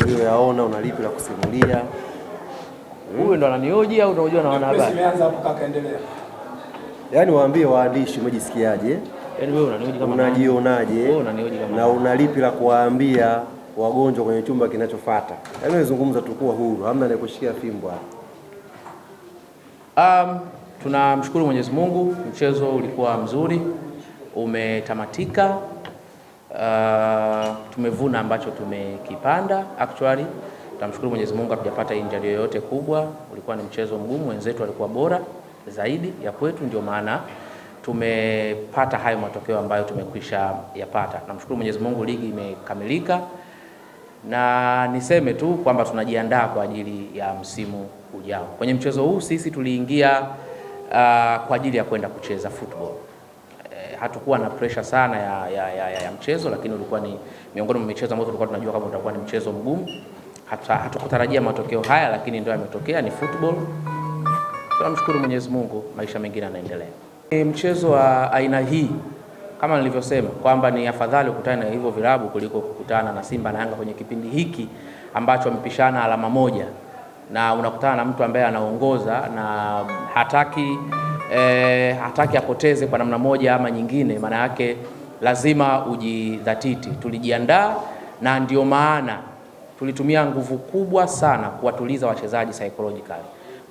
ulioyaona una lipi la kusimulia? Huyu ndo ananioji au unaojua na wanahabari? hapo kaka, endelea. Yaani waambie waandishi umejisikiaje? Yaani wewe unanioji kama unajionaje? Wewe unanioji kama na una lipi la kuwaambia wagonjwa kwenye chumba kinachofuata? Yaani unazungumza tu kwa huru, hamna anayekushikia fimbo hapa. Um, tunamshukuru Mwenyezi Mungu, mchezo ulikuwa mzuri, umetamatika. Uh, tumevuna ambacho tumekipanda actually. Tamshukuru Mwenyezi Mungu hatujapata injury yoyote kubwa. Ulikuwa ni mchezo mgumu, wenzetu walikuwa bora zaidi ya kwetu, ndio maana tumepata hayo matokeo ambayo tumekwisha yapata. Namshukuru Mwenyezi Mungu, ligi imekamilika na niseme tu kwamba tunajiandaa kwa ajili ya msimu ujao. Kwenye mchezo huu sisi tuliingia uh, kwa ajili ya kwenda kucheza football Eh, hatukuwa na pressure sana ya, ya, ya, ya, ya mchezo, lakini ulikuwa ni miongoni mwa michezo ambayo tulikuwa tunajua kama utakuwa ni mchezo mgumu. Hatukutarajia matokeo haya, lakini ndio yametokea. Ni football, tunamshukuru Mwenyezi Mungu, maisha mengine yanaendelea. E, mchezo wa aina hii kama nilivyosema kwamba ni afadhali kukutana na hivyo vilabu kuliko kukutana na Simba na Yanga kwenye kipindi hiki ambacho wamepishana alama moja na unakutana na mtu ambaye anaongoza na hataki eh, hataki apoteze kwa namna moja ama nyingine. Maana yake lazima ujidhatiti. Tulijiandaa na ndio maana tulitumia nguvu kubwa sana kuwatuliza wachezaji psychologically,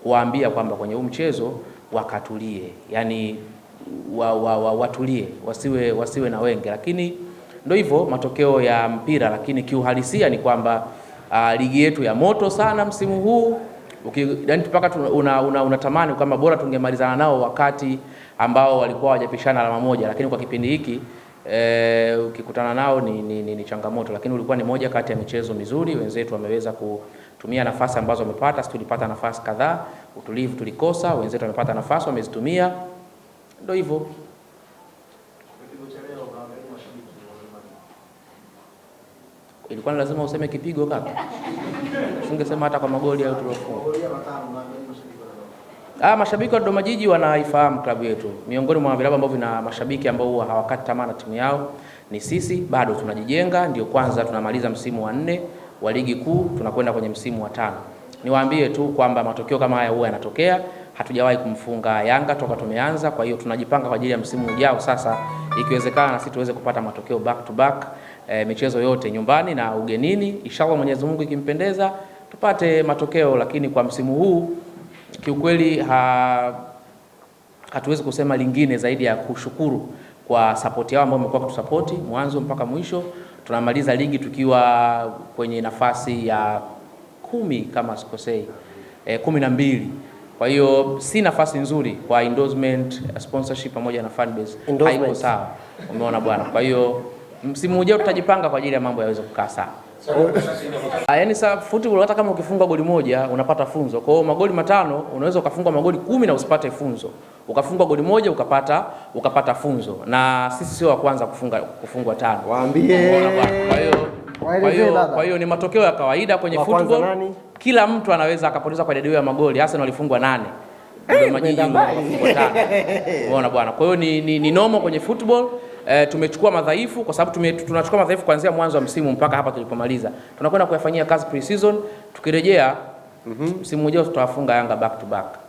kuwaambia kwamba kwenye huu mchezo wakatulie, yani wa, wa, wa, watulie wasiwe, wasiwe na wengi, lakini ndio hivyo matokeo ya mpira. Lakini kiuhalisia ni kwamba uh, ligi yetu ya moto sana msimu huu yani mpaka unatamani una, una kwamba bora tungemalizana nao wakati ambao walikuwa hawajapishana alama moja, lakini kwa kipindi hiki e, ukikutana nao ni, ni, ni, ni changamoto, lakini ulikuwa ni moja kati ya michezo mizuri. Wenzetu wameweza kutumia nafasi ambazo wamepata, sisi tulipata nafasi kadhaa, utulivu tulikosa, wenzetu wamepata nafasi wamezitumia, ndio hivyo. Ilikuwa ni lazima useme kipigo kaka singesema hata kwa magoli hayo tuliofunga. Ah, mashabiki wa Dodoma Jiji wanaifahamu klabu yetu. Miongoni mwa vilabu ambavyo vina mashabiki ambao huwa hawakati tamaa na timu yao ni sisi. Bado tunajijenga, ndio kwanza tunamaliza msimu wa nne wa ligi kuu, tunakwenda kwenye msimu wa tano. Niwaambie tu kwamba matokeo kama haya huwa yanatokea. Hatujawahi kumfunga Yanga toka tumeanza, kwa hiyo tunajipanga kwa ajili ya msimu ujao. Sasa ikiwezekana, na sisi tuweze kupata matokeo back to back, e, michezo yote nyumbani na ugenini, inshallah Mwenyezi Mungu ikimpendeza tupate matokeo, lakini kwa msimu huu kiukweli ha, hatuwezi kusema lingine zaidi ya kushukuru kwa sapoti yao ambao wamekuwa kutusapoti mwanzo mpaka mwisho. Tunamaliza ligi tukiwa kwenye nafasi ya kumi kama sikosei, e, kumi na mbili. Kwa hiyo si nafasi nzuri kwa endorsement, sponsorship pamoja na fan base haiko sawa, umeona bwana. Kwa hiyo msimu ujao tutajipanga kwa ajili ya mambo yaweze kukaa sawa. Ah, yani sasa football hata kama ukifunga goli moja unapata funzo. Kwa hiyo magoli matano unaweza ukafunga magoli kumi na usipate funzo. Ukafunga goli moja ukapata ukapata funzo. Na sisi sio wa kwanza kufunga kufungwa tano. Waambie. Kwa hiyo kwa hiyo kwa hiyo ni matokeo ya kawaida kwenye football. Kila mtu anaweza akapoteza kwa idadi ya magoli. Arsenal walifungwa nane. Ndio eh, majiji. Unaona bwana. Kwa hiyo ni, ni, ni nomo kwenye football e, tumechukua madhaifu kwa sababu tunachukua madhaifu kuanzia mwanzo wa msimu mpaka hapa tulipomaliza, tunakwenda kuyafanyia kazi pre-season. Tukirejea mhm. msimu mm -hmm. ujao tutawafunga Yanga back to back.